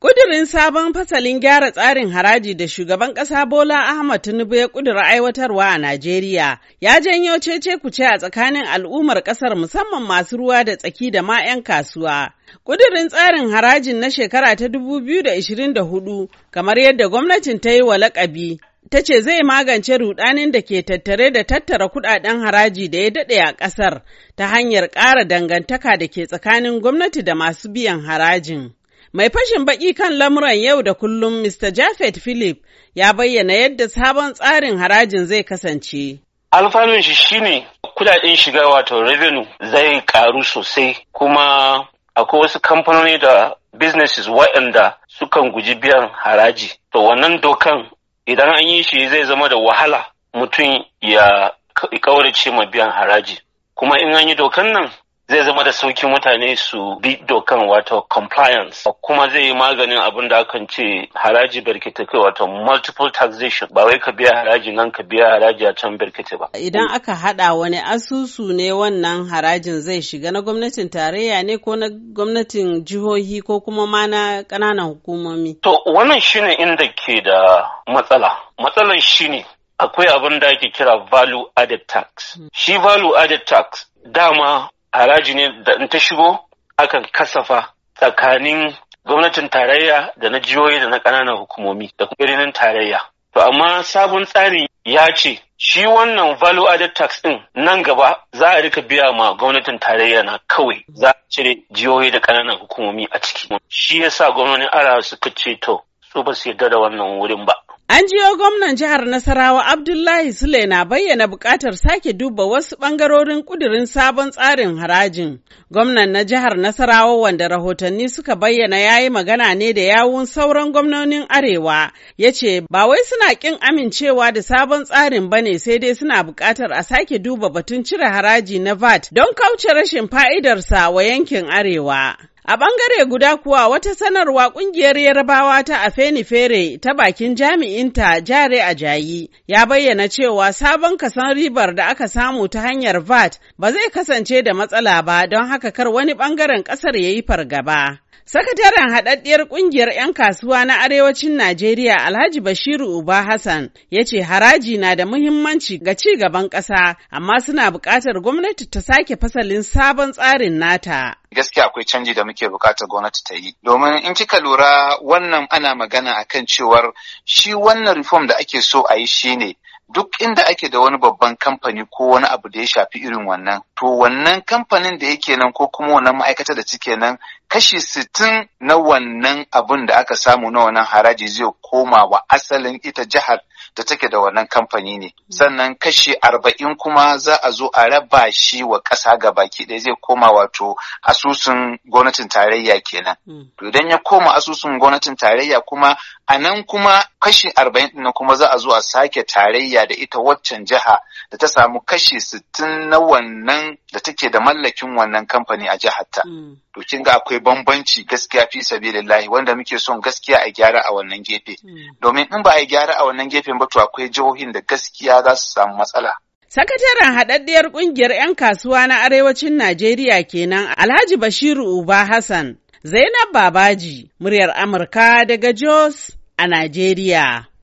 Ƙudurin sabon fasalin gyara tsarin haraji da shugaban ƙasa Bola Ahmad Tinubu ya ƙudura aiwatarwa a Najeriya ya janyo cece kuce a tsakanin al'ummar ƙasar musamman masu ruwa da tsaki da ma 'yan kasuwa. Ƙudurin tsarin harajin na shekara ta 2024 kamar yadda gwamnatin ta yi wa laƙabi ta ce zai magance rudanin da ke tattare da tattara kudaden haraji da ya daɗe a ƙasar ta hanyar ƙara dangantaka da ke tsakanin gwamnati da masu biyan harajin. Mai fashin baƙi kan lamuran yau da kullum Mr. Jafet Philip ya bayyana yadda sabon tsarin harajin zai kasance. Alfanun shi shine kudaden shiga wato revenue zai karu sosai kuma akwai wasu kamfanoni da businesses waɗanda sukan guji biyan haraji. To wannan dokan idan an yi shi zai zama da wahala mutum ya kaurace ma biyan haraji. Kuma in an yi dokan nan zai zama da sauki mutane su bi dokan wato compliance kuma zai yi maganin abin da akan ce haraji barkita kai wato multiple taxation ba wai ka biya haraji nan ka biya haraji a can barkita ba. Idan aka hada wani asusu ne wannan harajin zai shiga na gwamnatin tarayya ne ko na gwamnatin jihohi ko kuma ma na ƙananan hukumomi. To wannan shine inda ke da matsala. Matsalan shine akwai abin da ake kira value added tax. Hmm. Shi value added tax dama haraji ne da in ta shigo akan kasafa tsakanin gwamnatin tarayya da na jihohi da na ƙananan hukumomi da kuma birnin tarayya. To amma sabon tsari ya ce shi wannan value added tax din nan gaba za a rika biya ma gwamnatin tarayya na kawai za a cire jihohi da ƙananan hukumomi a ciki. Shi yasa gwamnonin ara suka ce to su ba su yarda da wannan wurin ba. An jiyo gwamnan jihar Nasarawa Abdullahi Sule na bayyana buƙatar sake duba wasu ɓangarorin ƙudurin sabon tsarin harajin. Gwamnan na jihar Nasarawa wanda rahotanni suka bayyana ya yi magana ne da yawun sauran gwamnonin Arewa ya ce ba wai suna ƙin amincewa da sabon tsarin ba ne sai dai suna buƙatar a sake duba batun cire haraji na VAT don kauce rashin fa'idarsa wa yankin Arewa. A ɓangare guda kuwa wata sanarwa ƙungiyar Yarbawa ta Afenifere ta bakin jami'inta Jare Ajayi ya bayyana cewa sabon kasan ribar da aka samu ta hanyar VAT ba zai kasance da matsala ba don haka kar wani ɓangaren ƙasar ya yi fargaba. Sakataren haɗaɗɗiyar ƙungiyar 'yan kasuwa na Arewacin Najeriya Alhaji Bashiru Uba Hassan ya ce haraji na da muhimmanci ga ci gaban ƙasa amma suna buƙatar gwamnati ta sake fasalin sabon tsarin nata. gaskiya akwai canji da muke bukatar gwamnati ta yi domin in kika lura wannan ana magana akan cewar shi wannan reform da ake so a yi shi ne, duk inda ake da wani babban kamfani ko wani abu da ya shafi irin wannan to wannan kamfanin da yake nan ko kuma wannan ma'aikata da cike nan kashi sittin na wannan abin da aka samu na wannan haraji zai koma wa asalin ita jihar da take da wannan kamfani ne hmm. sannan kashi arba'in kuma za a zo a raba shi wa ƙasa ga baki ɗaya zai koma wato asusun gwamnatin tarayya kenan hmm. to idan ya koma asusun gwamnatin tarayya kuma a nan kuma kashi arba'in ɗin kuma za a zo a sake tarayya da ita waccan jiha da ta samu kashi sittin na wannan da take da mallakin wannan kamfani a jiharta. Mm. To kin ga akwai bambanci gaskiya fi sabilillahi wanda muke son gaskiya a gyara a wannan gefe. Mm. Domin in ba a gyara a wannan gefen ba to akwai jihohin da gaskiya za su samu matsala. Sakataren haɗaɗɗiyar ƙungiyar 'yan kasuwa na Arewacin Najeriya kenan Alhaji Bashiru Uba Hassan, Zainab Babaji, muryar Amurka daga Jos a Najeriya.